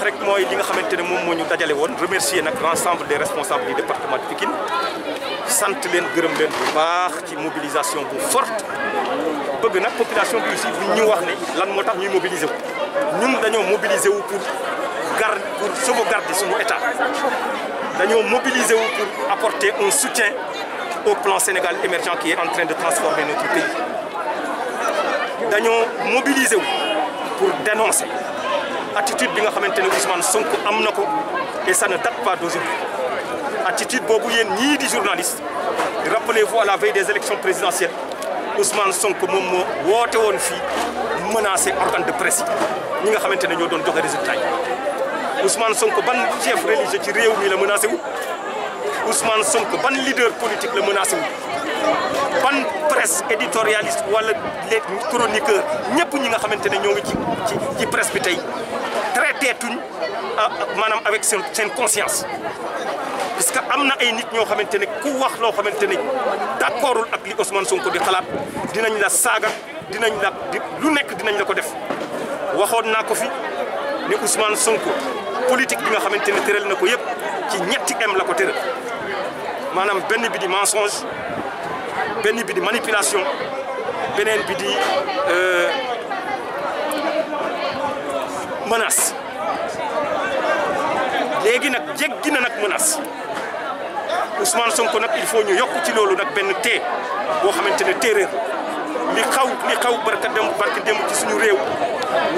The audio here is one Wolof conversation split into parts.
Je rek remercier l'ensemble des responsables du département de Pikine santé Grumben, gërëm leen mobilisation forte bëgg notre population bi aussi bu ñu wax ne lan moo Nous ñuy mobiliser mobiliser pour garde, pour sauvegarder son état Nous mobiliser pour apporter un soutien au plan Sénégal émergent qui est en train de transformer notre pays Nous mobiliser wu pour dénoncer attitude bi nga Ousmane Sonko am et ça ne date pas d'aujourd'hui attitude bobu yéen ni di journaliste rappelez-vous à la veille des élections présidentielles Ousmane Sonko moom moo woote menaçait fii organe de presse Nous ñi nga xamante ñoo doon résultat Ousmane Sonko ban chef religieux ci réew mi la menacé Ousmane Sonko ban leader politique le menacé wu ban presse éditorialiste wala les chroniqueurs ñëpp ñi nga xamante ne ñoo ngi ci ci presse bi xeetuñ ah, avec seen conscience parce que amna ay nit ñoo xamante ku wax lo xamante d'accordul ak li Ousmane Sonko di xalaat dinañ la saga dinañ la lu nekk dinañ la ko def waxon naa ko fi ni Ousmane Sonko politique bi nga xamante ne nako yépp ci ñetti M la ko Madame, manam benn bi mensonge benn bi manipulation benen bi di euh, menace léegi nag jéggi na nag menace Ousmane Sonko nag il faut ñu yokk ci loolu nag benn tee boo xamante ne téeréer li xaw li xaw barka dem barka dem ci suñu réew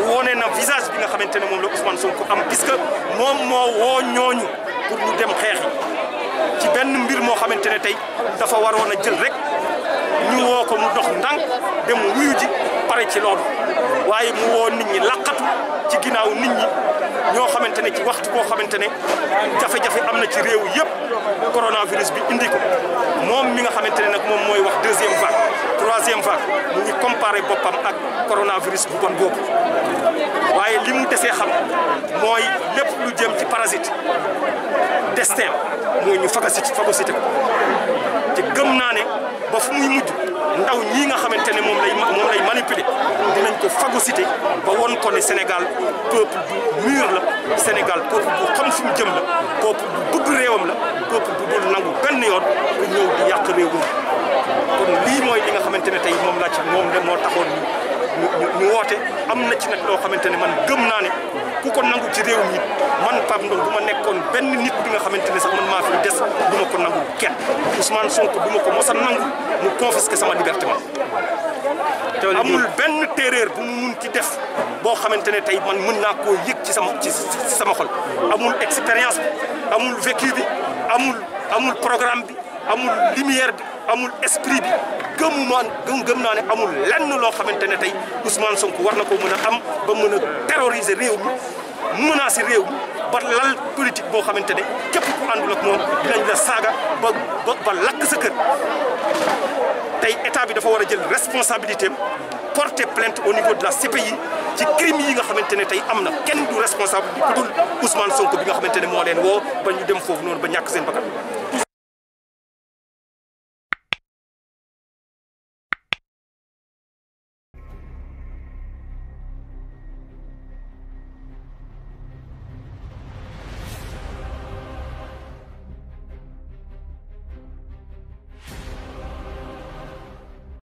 wone na visage bi nga xamante ne moom la Ousmane Sonko am puisque moom moo woo ñooñu pour ñu dem xeex ci benn mbir moo xamante ne tey dafa waroon a jël rek ñu woo ko mu dox ndànk dem wuyu ji pare ci loolu waaye mu woo nit ñi ci ginnaaw nit ñi. ñoo xamantene ci waxtu boo xamantene jafe-jafe am na ci réew yëpp coronavirus bi indi ko mom mi nga xamantene nak mom moy mooy wax deuxième vague troisième vague mu ngi comparé boppam ak coronavirus bu bon boobu waye limu tese xam moy lepp lu jëm ci parasite destin moy ñu phagocyté phagocyté ci gëm na ne ba fu muy mujj ndaw ñi nga xamantene mom lay mom lay manipuler dinañ ko phagocyté ba won ko ne Sénégal peuple bu mur la Sénégal peuple bu xam fi mu jëm la peuple bu bëgg réewam la peuple bu dul nangu benn yoon pour ñëw di yàq réew mi kon lii mooy li nga xamante ne tey moom laa ci moom de moo taxoon ñu mu woote am na ci nag loo xamante ne man gëm naa ne ku ko ci réew mi man Pape Ndong bu ma nekkoon benn nit bi nga xamante ne sax man maa fi des du ma ko nangu kenn Ousmane Sonko du ma ko mos a nangu mu confisquer sama liberté man amul benn terreur bu mu mun ci def boo xamante ne tey man mën naa koo yëg ci sama ci sama xol amul expérience amul vécu amul amul programme bi amul lumière bi amul esprit bi gëmuma gëm gëm naa ne amul lenn loo xamante ne tey Ousmane Sonko war na ko mën a xam ba mën a terroriser réew mi menacer réew mi ba lal politique boo xamante ne képp ku àndul ak moom dinañ la saaga ba ba ba lakk sa kër tey état bi dafa war a jël responsabilité am porter plainte au niveau de la CPI. ci crime yi nga xamante ne tey am na kenn du responsable bi ku dul Ousmane Sonko bi nga xamante ne moo leen woo ba ñu dem foofu noonu ba ñàkk seen bakkan